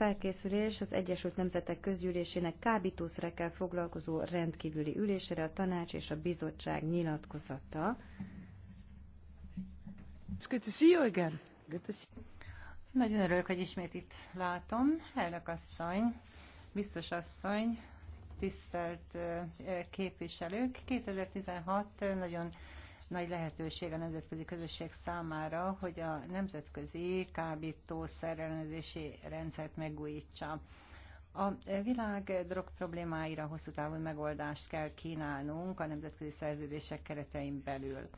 felkészülés az Egyesült Nemzetek Közgyűlésének kábítószerekkel foglalkozó rendkívüli ülésére a tanács és a bizottság nyilatkozata. It's good to see you again. Good to see Nagyon örülök, hogy ismét itt látom. Elnök asszony, biztos asszony, tisztelt képviselők. 2016 nagyon nagy lehetőség a nemzetközi közösség számára, hogy a nemzetközi kábítószerelnezési rendszert megújítsa. A világ drog problémáira hosszú távú megoldást kell kínálnunk a nemzetközi szerződések keretein belül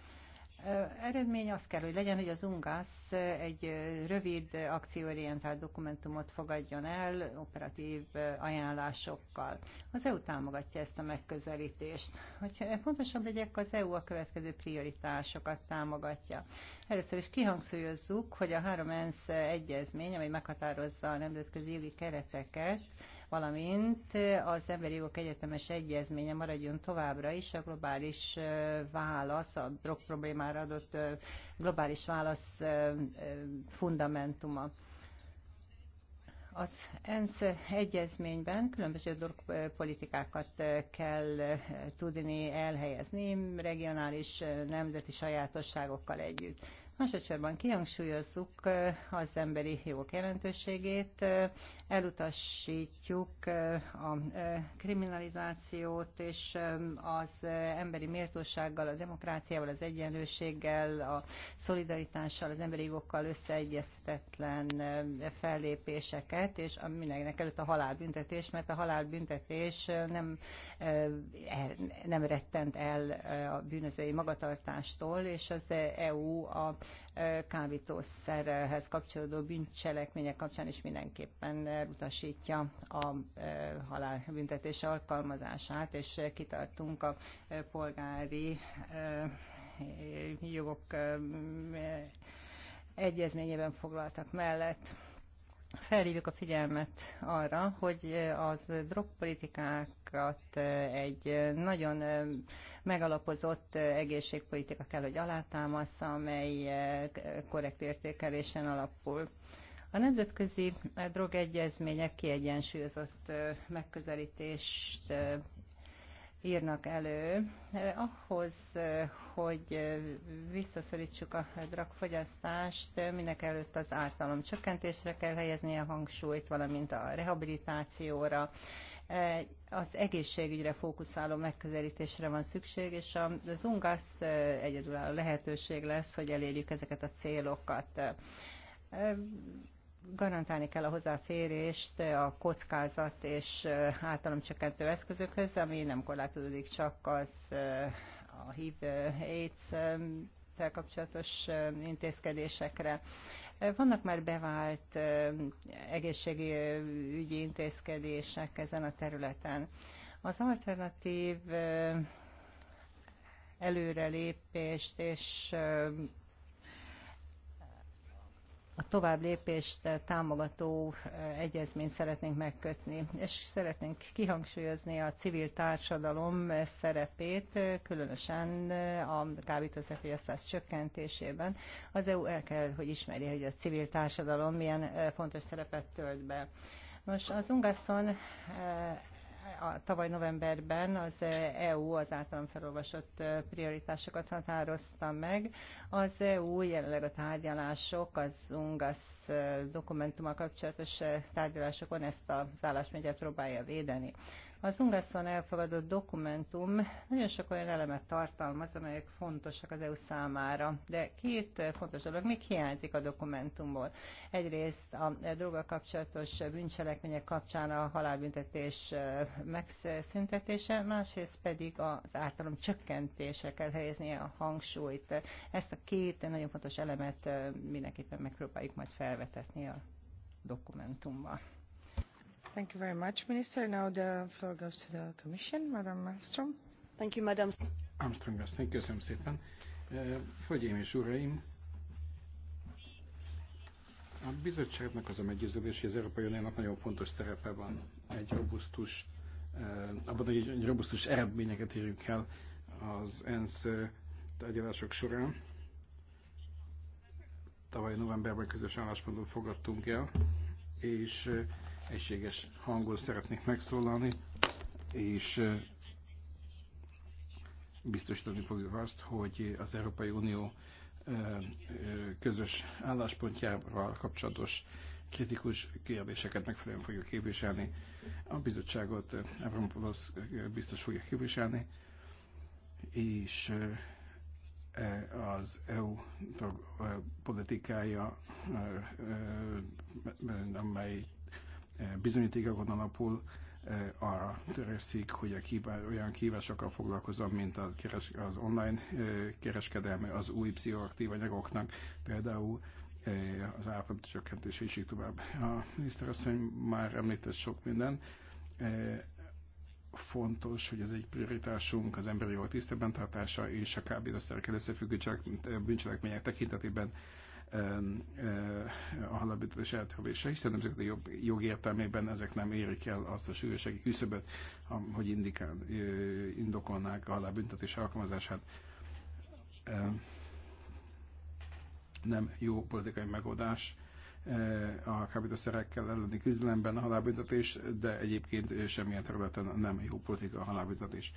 eredmény az kell, hogy legyen, hogy az UNGASZ egy rövid akcióorientált dokumentumot fogadjon el operatív ajánlásokkal. Az EU támogatja ezt a megközelítést. Hogy pontosabb legyek, az EU a következő prioritásokat támogatja. Először is kihangsúlyozzuk, hogy a három ENSZ egyezmény, amely meghatározza a nemzetközi jogi kereteket, valamint az Emberi Jogok Egyetemes Egyezménye maradjon továbbra is a globális válasz, a drog problémára adott globális válasz fundamentuma. Az ENSZ egyezményben különböző politikákat kell tudni elhelyezni regionális, nemzeti sajátosságokkal együtt. Másodszorban kihangsúlyozzuk eh, az emberi jogok jelentőségét, eh, elutasítjuk eh, a kriminalizációt, és az emberi méltósággal, a demokráciával, az egyenlőséggel, a szolidaritással, az emberi jogokkal összeegyeztetlen fellépéseket, és mindenkinek előtt a halálbüntetés, mert a halálbüntetés nem, e, nem rettent el a bűnözői magatartástól, és az EU e a kábítószerhez kapcsolódó bűncselekmények kapcsán is mindenképpen utasítja a halálbüntetés alkalmazását, és kitartunk a polgári jogok egyezményében foglaltak mellett felhívjuk a figyelmet arra, hogy az drogpolitikákat egy nagyon megalapozott eh, egészségpolitika kell, hogy alátámasza, amely eh, korrekt értékelésen alapul. A nemzetközi eh, drogegyezmények kiegyensúlyozott megközelítést írnak elő ahhoz, hogy visszaszorítsuk a drogfogyasztást, mindenek előtt az ártalom csökkentésre kell helyezni a hangsúlyt, valamint a rehabilitációra, az egészségügyre fókuszáló megközelítésre van szükség, és az egyedül a lehetőség lesz, hogy elérjük ezeket a célokat. Garantálni kell a hozzáférést a kockázat és általam csökkentő eszközökhöz, ami nem korlátozódik csak az a HIV AIDS kapcsolatos intézkedésekre. Vannak már bevált egészségügyi intézkedések ezen a területen. Az alternatív előrelépést és a tovább lépést támogató eh, egyezményt szeretnénk megkötni, és szeretnénk kihangsúlyozni a civil társadalom szerepét, eh, különösen eh, a kábítószerfogyasztás csökkentésében. Az EU el kell, hogy ismerje, hogy a civil társadalom milyen fontos szerepet tölt be. Nos, az ungasszon a tavaly novemberben az EU eh, e az általam felolvasott eh, prioritásokat határozta meg. Az EU jelenleg a tárgyalások, az UNGAS eh, dokumentuma kapcsolatos tárgyalásokon ezt az állásmegyet próbálja védeni. Az Ungaszon elfogadott dokumentum nagyon sok olyan elemet tartalmaz, amelyek fontosak az EU számára, de két fontos dolog még hiányzik a dokumentumból. Egyrészt a droga kapcsolatos bűncselekmények kapcsán a halálbüntetés eh, megszüntetése, másrészt pedig az ártalom csökkentése, kell helyezni a hangsúlyt. Ezt a két nagyon fontos elemet eh, mindenképpen megpróbáljuk majd felvetetni a dokumentumban. Thank you very much, Minister. Now the floor goes to the Commission. Madam Thank you, Madam. Armstrong köszönöm szépen. Eh, Hölgyeim és uraim, a bizottságnak az a meggyőződés, hogy az Európai Uniónak nagyon fontos szerepe van egy robusztus, eh, abban, hogy egy robusztus eredményeket érjünk el az ENSZ eh, tárgyalások során. Tavaly novemberben közös álláspontot fogadtunk el, és egységes hangon szeretnék megszólalni, és biztosítani fogjuk azt, hogy az Európai Unió közös álláspontjával kapcsolatos kritikus kérdéseket megfelelően fogjuk képviselni. A bizottságot Evropolosz biztos fogja képviselni, és e, az EU politikája, amely bizonyítékokon alapul eh, arra törekszik, hogy a kíván, olyan kívásokkal foglalkozom, mint az, keres, az online eh, kereskedelme az új pszichoaktív anyagoknak, például eh, az áfabit csökkentés, és így tovább. A miniszterasszony már említett sok minden. Fontos, hogy ez egy prioritásunk az emberi jogok tisztában tartása és a kábítószerek összefüggő bűncselekmények tekintetében a halálbüntetés eltövése, hiszen ezek a jobb, jog értelmében ezek nem érik el azt a sűrűségi küszöböt, hogy indikál, indokolnák a halálbüntetés alkalmazását. Nem jó politikai megoldás e, a kábítószerekkel elleni küzdelemben a halálbüntetés, de egyébként semmilyen területen nem jó politika a halálbüntetés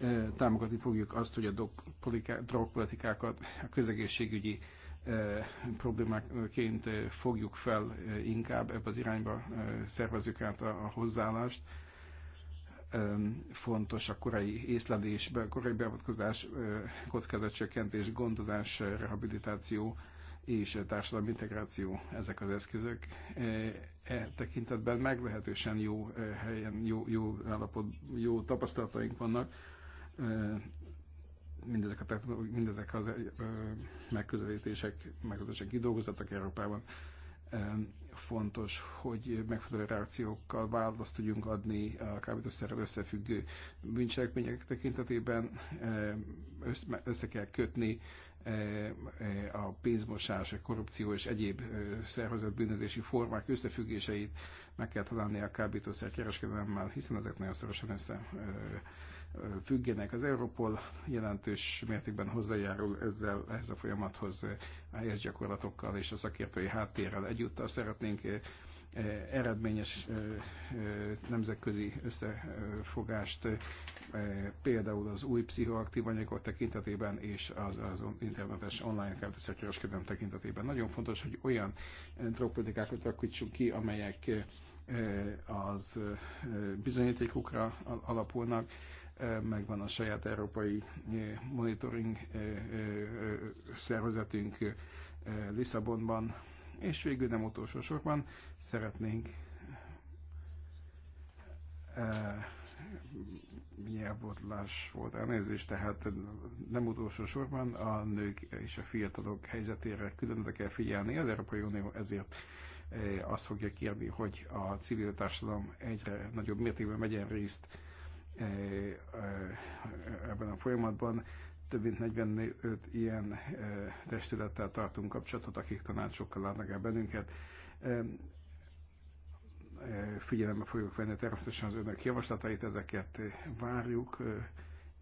e, támogatni fogjuk azt, hogy a drogpolitikákat, a közegészségügyi problémáként fogjuk fel inkább, ebbe az irányba szervezzük át a hozzáállást. Fontos a korai észlelés, korai beavatkozás, kockázatcsökkentés, gondozás, rehabilitáció és társadalmi integráció ezek az eszközök. E tekintetben meglehetősen jó helyen, jó, jó állapot, jó tapasztalataink vannak mindezek, a mindezek az megközelítések, megközelítések kidolgozatok Európában. Fontos, hogy megfelelő reakciókkal választ tudjunk adni a kábítószerrel összefüggő bűncselekmények tekintetében. Össze kell kötni a pénzmosás, a korrupció és egyéb szervezett bűnözési formák összefüggéseit, meg kell találni a kábítószer kereskedelemmel, hiszen ezek nagyon szorosan össze függenek. Az Europol jelentős mértékben hozzájárul ezzel, ehhez a folyamathoz helyes gyakorlatokkal és a szakértői háttérrel egyúttal szeretnénk eh, eredményes eh, eh, nemzetközi összefogást, például az új pszichoaktív anyagok tekintetében és az, az internetes online kábítószerkereskedelem tekintetében. Nagyon fontos, hogy olyan drogpolitikákat alakítsunk ki, amelyek az bizonyítékokra alapulnak, megvan a saját európai monitoring szervezetünk Lisszabonban, és végül nem utolsó sorban szeretnénk nyelvbotlás volt elnézést, tehát nem utolsó sorban a nők és a fiatalok helyzetére külön kell figyelni. Az Európai Unió ezért azt fogja kérni, hogy a civil társadalom egyre nagyobb mértékben megyen részt ebben a folyamatban. Több mint 45 ilyen testülettel tartunk kapcsolatot, akik tanácsokkal látnak el bennünket. Figyelembe fogjuk venni természetesen az önök javaslatait, ezeket várjuk,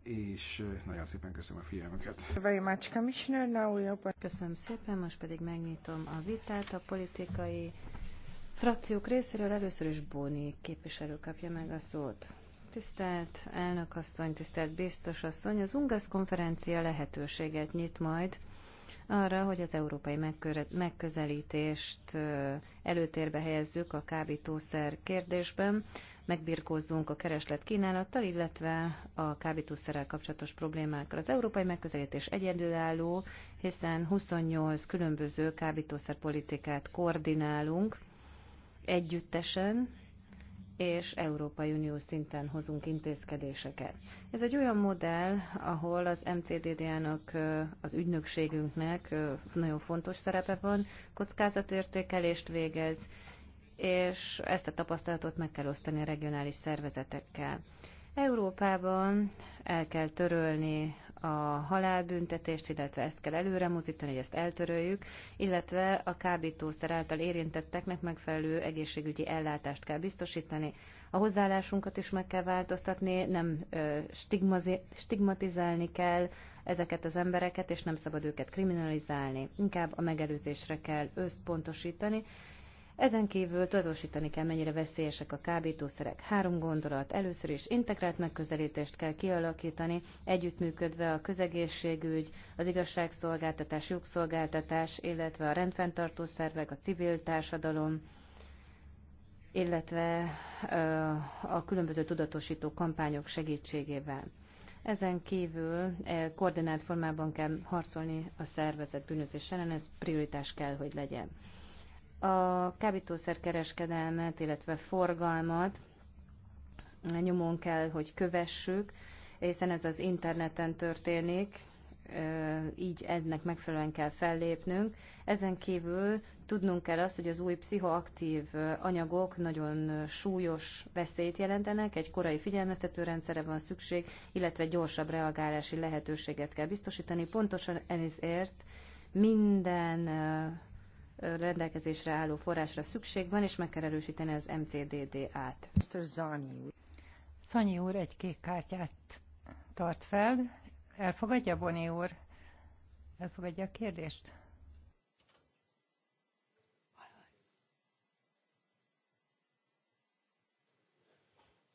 és nagyon szépen köszönöm a figyelmüket. Very Commissioner. Köszönöm szépen, most pedig megnyitom a vitát a politikai frakciók részéről. Először is Bóni képviselő kapja meg a szót. Tisztelt elnök asszony, tisztelt biztos asszony, az UNGASZ konferencia lehetőséget nyit majd arra, hogy az európai megközelítést előtérbe helyezzük a kábítószer kérdésben, megbirkózzunk a kereslet kínálattal, illetve a kábítószerrel kapcsolatos problémákkal. Az európai megközelítés egyedülálló, hiszen 28 különböző kábítószerpolitikát koordinálunk együttesen, és Európai Unió szinten hozunk intézkedéseket. Ez egy olyan modell, ahol az MCDD-nak, az ügynökségünknek nagyon fontos szerepe van, kockázatértékelést végez, és ezt a tapasztalatot meg kell osztani a regionális szervezetekkel. Európában el kell törölni a halálbüntetést, illetve ezt kell előre mozítani, hogy ezt eltöröljük, illetve a kábítószer által érintetteknek megfelelő egészségügyi ellátást kell biztosítani. A hozzáállásunkat is meg kell változtatni, nem stigmatizálni kell ezeket az embereket, és nem szabad őket kriminalizálni. Inkább a megelőzésre kell összpontosítani, ezen kívül tudatosítani kell, mennyire veszélyesek a kábítószerek. Három gondolat. Először is integrált megközelítést kell kialakítani, együttműködve a közegészségügy, az igazságszolgáltatás, jogszolgáltatás, illetve a rendfenntartó szervek, a civil társadalom, illetve a különböző tudatosító kampányok segítségével. Ezen kívül koordinált formában kell harcolni a szervezet bűnözés ellen, ez prioritás kell, hogy legyen a kábítószerkereskedelmet, illetve forgalmat nyomon kell, hogy kövessük, hiszen ez az interneten történik, így eznek megfelelően kell fellépnünk. Ezen kívül tudnunk kell azt, hogy az új pszichoaktív anyagok nagyon súlyos veszélyt jelentenek, egy korai figyelmeztető rendszerre van szükség, illetve gyorsabb reagálási lehetőséget kell biztosítani. Pontosan ezért minden rendelkezésre álló forrásra szükség van, és meg kell erősíteni az MCDD-át. Szanyi úr egy kék kártyát tart fel. Elfogadja, Boni úr? Elfogadja a kérdést?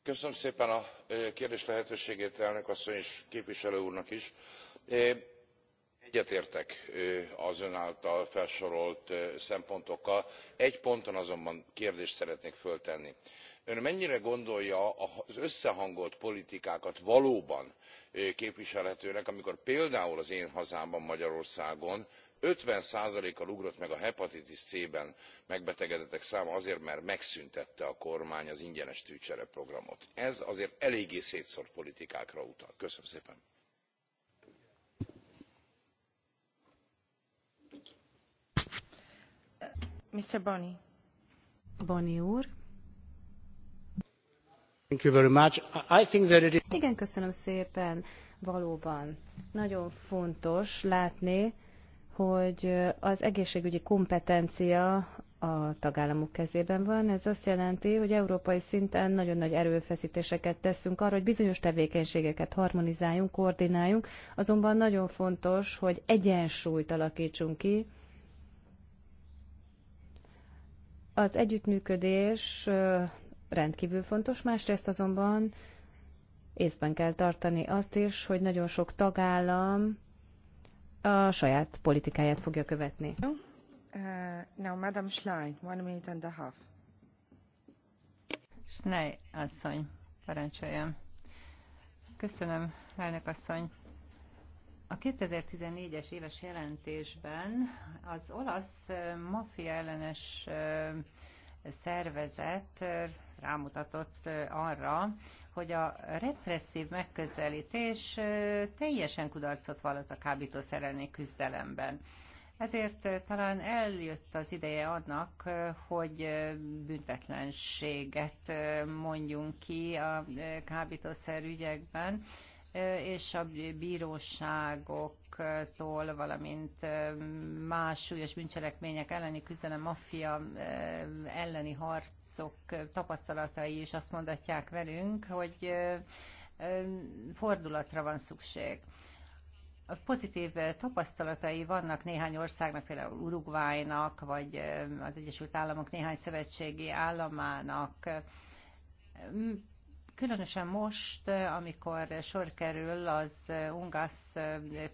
köszönöm szépen a kérdés lehetőségét elnök asszony és képviselő úrnak is egyetértek az ön által felsorolt szempontokkal egy ponton azonban kérdést szeretnék föltenni ön mennyire gondolja az összehangolt politikákat valóban képviselhetőnek amikor például az én hazámban magyarországon fifty kal ugrott meg a hepatitis c ben megbetegedettek száma azért mert megszüntette a kormány az ingyenes tűcsere programot. ez azért eléggé szétszórt politikákra utal. köszönöm szépen! Igen, köszönöm szépen. Valóban nagyon fontos látni, hogy az egészségügyi kompetencia a tagállamok kezében van. Ez azt jelenti, hogy európai szinten nagyon nagy erőfeszítéseket teszünk arra, hogy bizonyos tevékenységeket harmonizáljunk, koordináljunk, azonban nagyon fontos, hogy egyensúlyt alakítsunk ki az együttműködés rendkívül fontos, másrészt azonban észben kell tartani azt is, hogy nagyon sok tagállam a saját politikáját fogja követni. Uh, now, Madam Schlein, one minute and a half. Schnei asszony, parancsoljam. Köszönöm, elnök asszony. A 2014-es éves jelentésben az olasz maffia ellenes szervezet rámutatott arra, hogy a represszív megközelítés teljesen kudarcot vallott a kábítószerelni küzdelemben. Ezért talán eljött az ideje annak, hogy büntetlenséget mondjunk ki a kábítószer ügyekben, és a bíróságoktól, valamint más súlyos bűncselekmények elleni küzdelem, maffia elleni harcok tapasztalatai is azt mondatják velünk, hogy fordulatra van szükség. A pozitív tapasztalatai vannak néhány országnak, például Uruguaynak, vagy az Egyesült Államok néhány szövetségi államának Különösen most, amikor sor kerül az UNGASZ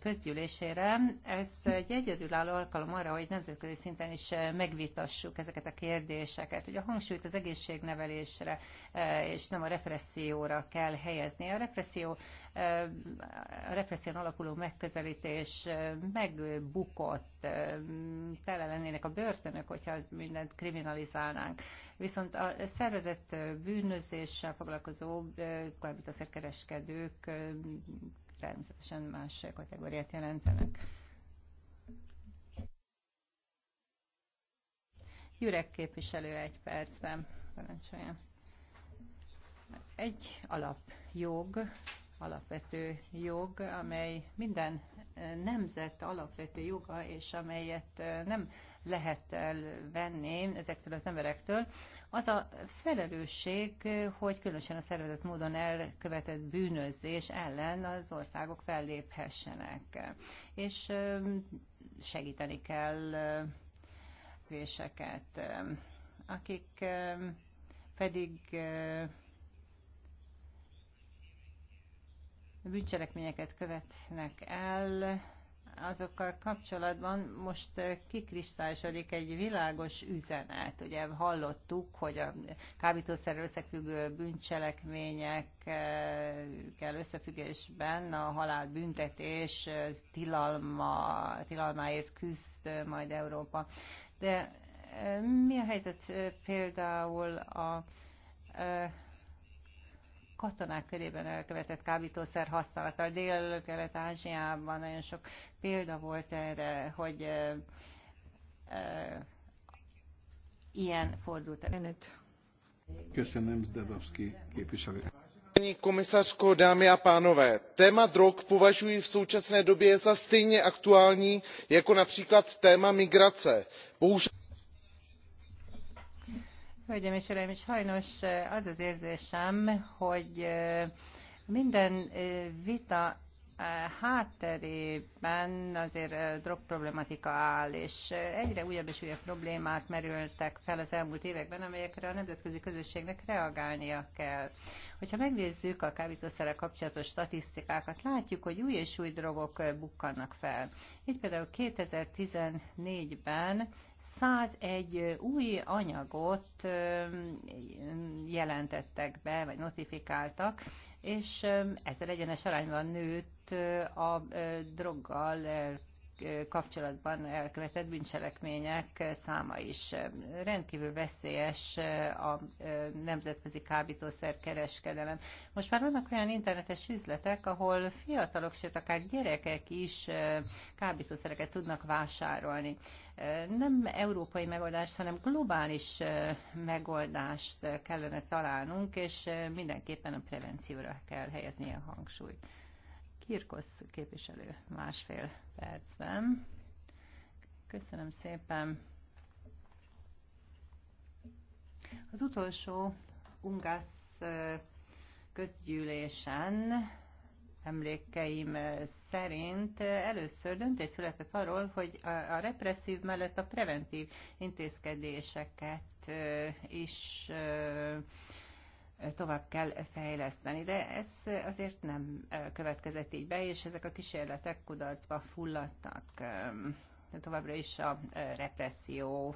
közgyűlésére, ez egy egyedülálló alkalom arra, hogy nemzetközi szinten is megvitassuk ezeket a kérdéseket, hogy a hangsúlyt az egészségnevelésre e, és nem a represszióra kell helyezni. A represszió e, a represszión alapuló megközelítés megbukott, e, tele lennének a börtönök, hogyha mindent kriminalizálnánk. Viszont a szervezett bűnözéssel foglalkozó előbb a kábítószerkereskedők természetesen más kategóriát jelentenek. Jurek képviselő egy percben, parancsoljon. Egy alapjog, alapvető jog, amely minden nemzet alapvető joga, és amelyet nem lehet elvenni ezektől az emberektől, az a felelősség, hogy különösen a szervezett módon elkövetett bűnözés ellen az országok felléphessenek. És segíteni kell véseket, akik pedig bűncselekményeket követnek el, azokkal kapcsolatban most eh, kikristályosodik egy világos üzenet. Ugye hallottuk, hogy a kábítószer összefüggő bűncselekményekkel összefüggésben a halál büntetés eh, tilalma, tilalmáért küzd majd Európa. De eh, mi a helyzet például a katonák körében elkövetett kábítószer használata. Dél-Kelet-Ázsiában nagyon sok példa volt erre, hogy uh, uh, ilyen fordult elő. Köszönöm, Zdedovszki képviselő. Pani komisařko, dámy a pánové, téma drog považuji v současné době za stejně aktuální jako například téma migrace. Bohužel... Hölgyeim és Uraim, sajnos az az érzésem, hogy minden vita hátterében azért drog problematika áll, és egyre újabb és újabb problémák merültek fel az elmúlt években, amelyekre a nemzetközi közösségnek reagálnia kell. Hogyha megnézzük a kábítószerrel kapcsolatos statisztikákat, látjuk, hogy új és új drogok bukkannak fel. Így például 2014-ben 101 új anyagot jelentettek be, vagy notifikáltak, és ezzel egyenes arányban nőtt a droggal kapcsolatban elkövetett bűncselekmények száma is. Rendkívül veszélyes a nemzetközi kereskedelem. Most már vannak olyan internetes üzletek, ahol fiatalok, sőt akár gyerekek is kábítószereket tudnak vásárolni. Nem európai megoldást, hanem globális megoldást kellene találnunk, és mindenképpen a prevencióra kell helyezni a hangsúlyt. Kirkosz képviselő másfél percben. Köszönöm szépen. Az utolsó Ungász közgyűlésen emlékeim szerint először döntés született arról, hogy a represszív mellett a preventív intézkedéseket is tovább kell fejleszteni. De ez azért nem következett így be, és ezek a kísérletek kudarcba fulladtak. Továbbra is a represszió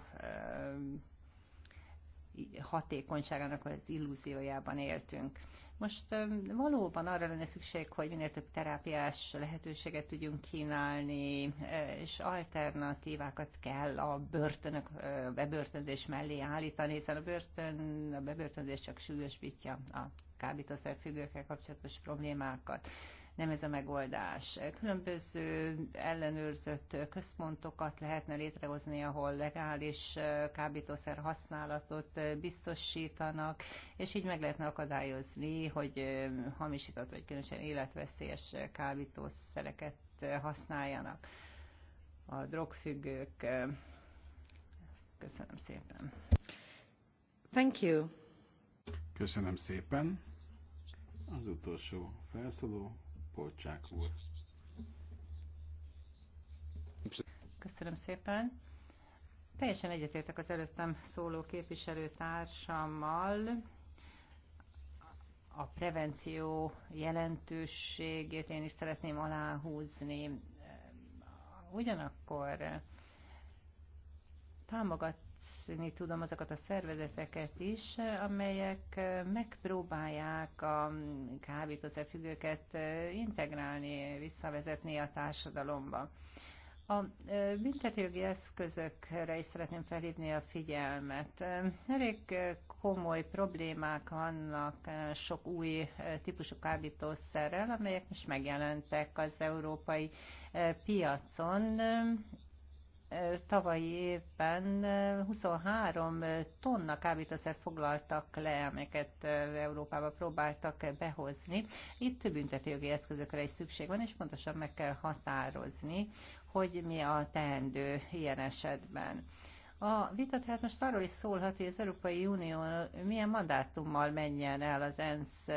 hatékonyságának az illúziójában éltünk. Most valóban arra lenne szükség, hogy minél több terápiás lehetőséget tudjunk kínálni, e, és alternatívákat kell a börtönök, a e, bebörtönzés mellé állítani, hiszen a börtön, a bebörtönzés csak súlyosbítja a kábítószerfüggőkkel kapcsolatos problémákat nem ez a megoldás. Különböző ellenőrzött központokat lehetne létrehozni, ahol legális eh, kábítószer használatot eh, biztosítanak, és így meg lehetne akadályozni, hogy eh, hamisított vagy különösen életveszélyes kábítószereket használjanak a drogfüggők. Köszönöm szépen. Thank you. Köszönöm szépen. Az utolsó felszóló Polcsák úr. Köszönöm szépen. Teljesen egyetértek az előttem szóló képviselőtársammal. A prevenció jelentőségét én is szeretném aláhúzni. Ugyanakkor támogat támogatni tudom azokat a szervezeteket is, amelyek megpróbálják a kábítószerfüggőket integrálni, visszavezetni a társadalomba. A büntetőjogi eszközökre is szeretném felhívni a figyelmet. Elég komoly problémák vannak sok új típusú kábítószerrel, amelyek most megjelentek az európai piacon, tavalyi évben 23 eh, eh, tonna kábítószer foglaltak le, amelyeket eh, Európába próbáltak behozni. Itt büntetőjogi eszközökre is szükség van, és pontosan meg kell határozni, hogy mi a teendő ilyen esetben. A vita tehát most arról is szólhat, hogy az Európai Unió milyen mandátummal menjen el az ENSZ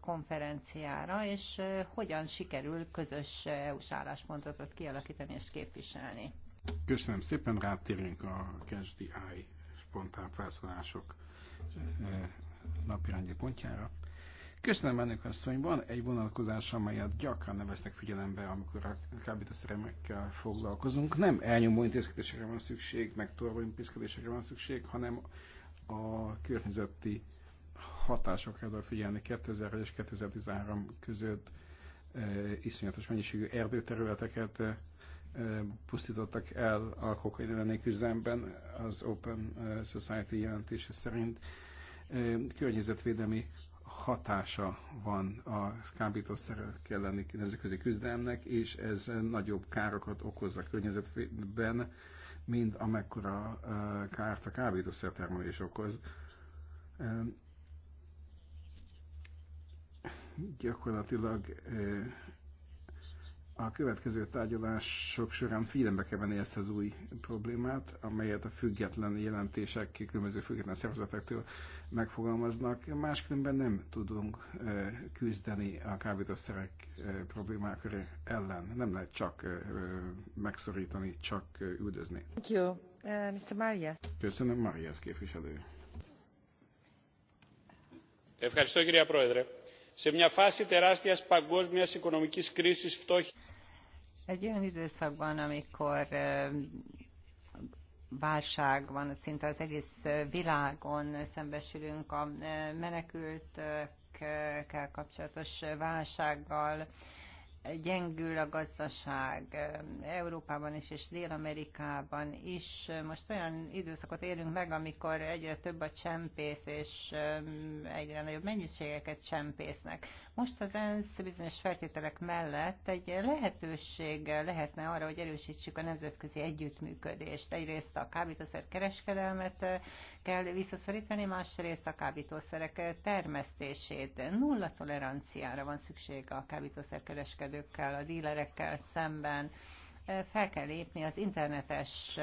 konferenciára, és hogyan sikerül közös EU-s álláspontot kialakítani és képviselni. Köszönöm szépen, rátérünk a Áj spontán felszólások eh, napirányi pontjára. Köszönöm ennek asszony, van egy vonalkozás, amelyet gyakran neveznek figyelembe, amikor a kábítószeremekkel foglalkozunk. Nem elnyomó intézkedésekre van szükség, meg torvó intézkedésekre van szükség, hanem a környezeti hatásokra kell figyelni 2000 és 2013 között eh, iszonyatos mennyiségű erdőterületeket eh, pusztítottak el a kokain elleni küzdelemben az Open eh, Society jelentése szerint. Eh, környezetvédelmi hatása van a kábítószerek elleni nemzetközi küzdelemnek, és ez nagyobb károkat okoz a környezetben, mint amekkora eh, kárt a kábítószertermelés okoz. Gyakorlatilag a következő tárgyalások során figyelembe kell venni ezt az új problémát, amelyet a független jelentések különböző független szervezetektől megfogalmaznak. Máskülönben nem tudunk küzdeni a kábítószerek problémák ellen. Nem lehet csak megszorítani, csak üldözni. Thank you. Uh, Mr. Maria. Köszönöm, Marias képviselő. Ευχαριστώ κυρία Πρόεδρε. Σε μια φάση τεράστιας παγκόσμιας οικονομικής κρίσης φτώχειας egy olyan időszakban, amikor válság van, szinte az egész világon szembesülünk a menekültekkel kapcsolatos válsággal, gyengül a gazdaság Európában is és Dél-Amerikában is. Most olyan időszakot élünk meg, amikor egyre több a csempész, és egyre nagyobb mennyiségeket csempésznek. Most az ENSZ bizonyos feltételek mellett egy lehetőség lehetne arra, hogy erősítsük a nemzetközi együttműködést. Egyrészt a kábítószer kereskedelmet eh, kell visszaszorítani, másrészt a kábítószerek eh, termesztését. Nulla toleranciára van szükség a kábítószer kereskedelmet kereskedőkkel, a dílerekkel szemben. Fel kell lépni az internetes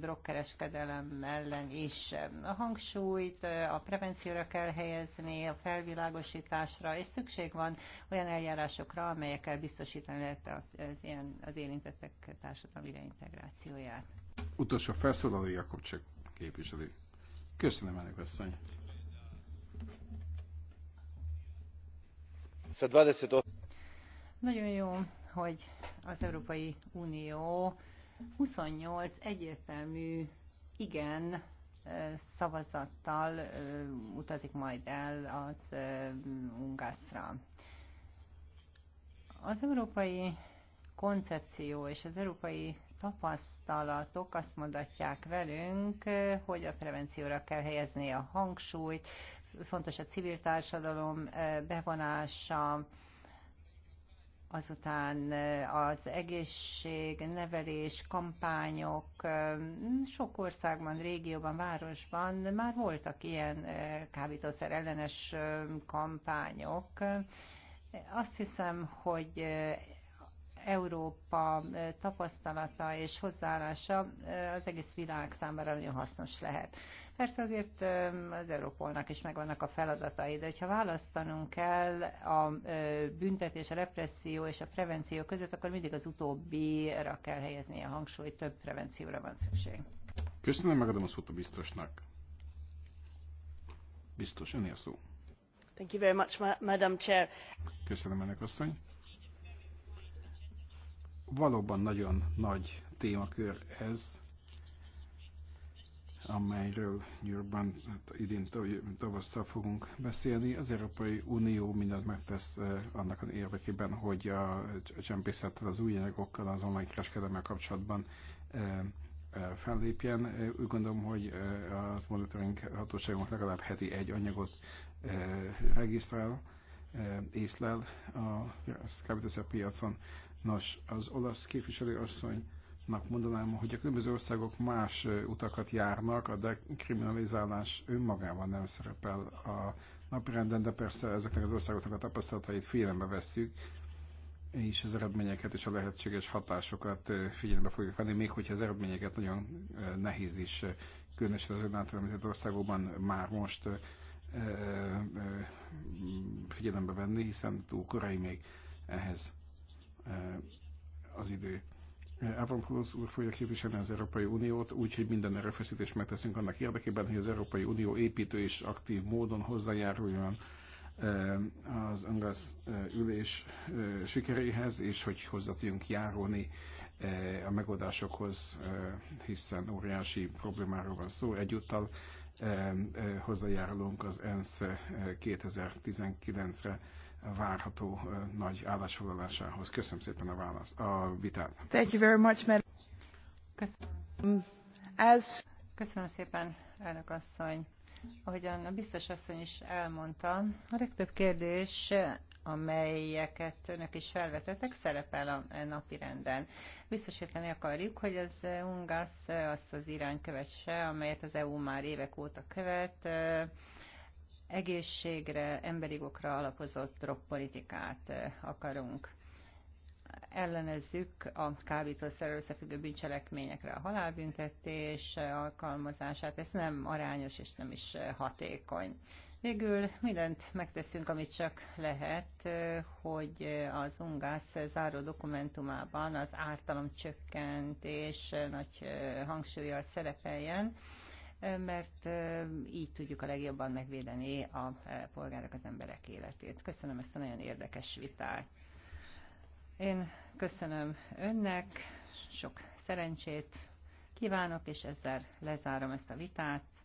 drogkereskedelem ellen is. A hangsúlyt a prevencióra kell helyezni, a felvilágosításra, és szükség van olyan eljárásokra, amelyekkel biztosítani lehet az, ilyen, az érintettek társadalmi reintegrációját. Utolsó felszólaló Csak képviselő. Köszönöm, elnök asszony. Nagyon jó, hogy az Európai Unió 28 egyértelmű igen szavazattal utazik majd el az Ungászra. Az európai koncepció és az európai tapasztalatok azt mondatják velünk, hogy a prevencióra kell helyezni a hangsúlyt, fontos a civil társadalom bevonása, azután az egészség, nevelés, kampányok, sok országban, régióban, városban már voltak ilyen kábítószer ellenes kampányok. Azt hiszem, hogy Európa tapasztalata és hozzáállása az egész világ számára nagyon hasznos lehet. Persze azért az Európolnak is megvannak a feladatai, de hogyha választanunk kell a büntetés, a represszió és a prevenció között, akkor mindig az utóbbira kell helyezni a hangsúlyt, több prevencióra van szükség. Köszönöm, megadom a szót a biztosnak. Biztos, önél szó. Thank you very much, Madam Chair. Köszönöm ennek asszony. Valóban nagyon nagy témakör ez, amelyről nyilván idén tavasztal fogunk beszélni. Az Európai Unió mindent megtesz eh, annak az érdekében, hogy a csempészettel, az új anyagokkal, az online kereskedelmel kapcsolatban eh, eh, fellépjen. Úgy gondolom, hogy az monitoring hatóságunk legalább heti egy anyagot regisztrál, észlel a kábítószer piacon Nos, az olasz képviselőasszonynak mondanám, hogy a különböző országok más utakat járnak, a dekriminalizálás önmagában nem szerepel a napirenden, de persze ezeknek az országoknak a tapasztalatait figyelembe vesszük, és az eredményeket és a lehetséges hatásokat figyelembe fogjuk venni, még hogyha az eredményeket nagyon nehéz is, különösen az önáltalánított országokban már most figyelembe venni, hiszen túl korai még ehhez az idő. Avramopoulos úr fogja képviselni az Európai Uniót, úgyhogy minden erőfeszítést megteszünk annak érdekében, hogy az Európai Unió építő és aktív módon hozzájáruljon eh, az öngáz eh, ülés eh, sikeréhez, és hogy hozzá tudjunk járulni a megoldásokhoz, hiszen óriási problémáról van szó. Egyúttal hozzájárulunk az ENSZ 2019-re várható nagy állásfoglalásához. Köszönöm szépen a, választ a vitát. Thank you very much, madam. Köszönöm. As... Köszönöm szépen, elnök asszony. Ahogyan a biztos asszony is elmondta, a legtöbb kérdés amelyeket önök is felvetettek, szerepel a renden. Biztosítani akarjuk, hogy az UNGAS azt az irány kövesse, amelyet az EU már évek óta követ, egészségre, emberi okra alapozott drogpolitikát akarunk. Ellenezzük a kábítószer összefüggő bűncselekményekre a halálbüntetés alkalmazását. Ez nem arányos és nem is hatékony. Végül mindent megteszünk, amit csak lehet, hogy az UNGÁSZ záró dokumentumában az ártalom csökkentés nagy hangsúlyjal szerepeljen mert így tudjuk a legjobban megvédeni a polgárok, az emberek életét. Köszönöm ezt a nagyon érdekes vitát. Én köszönöm önnek, sok szerencsét kívánok, és ezzel lezárom ezt a vitát.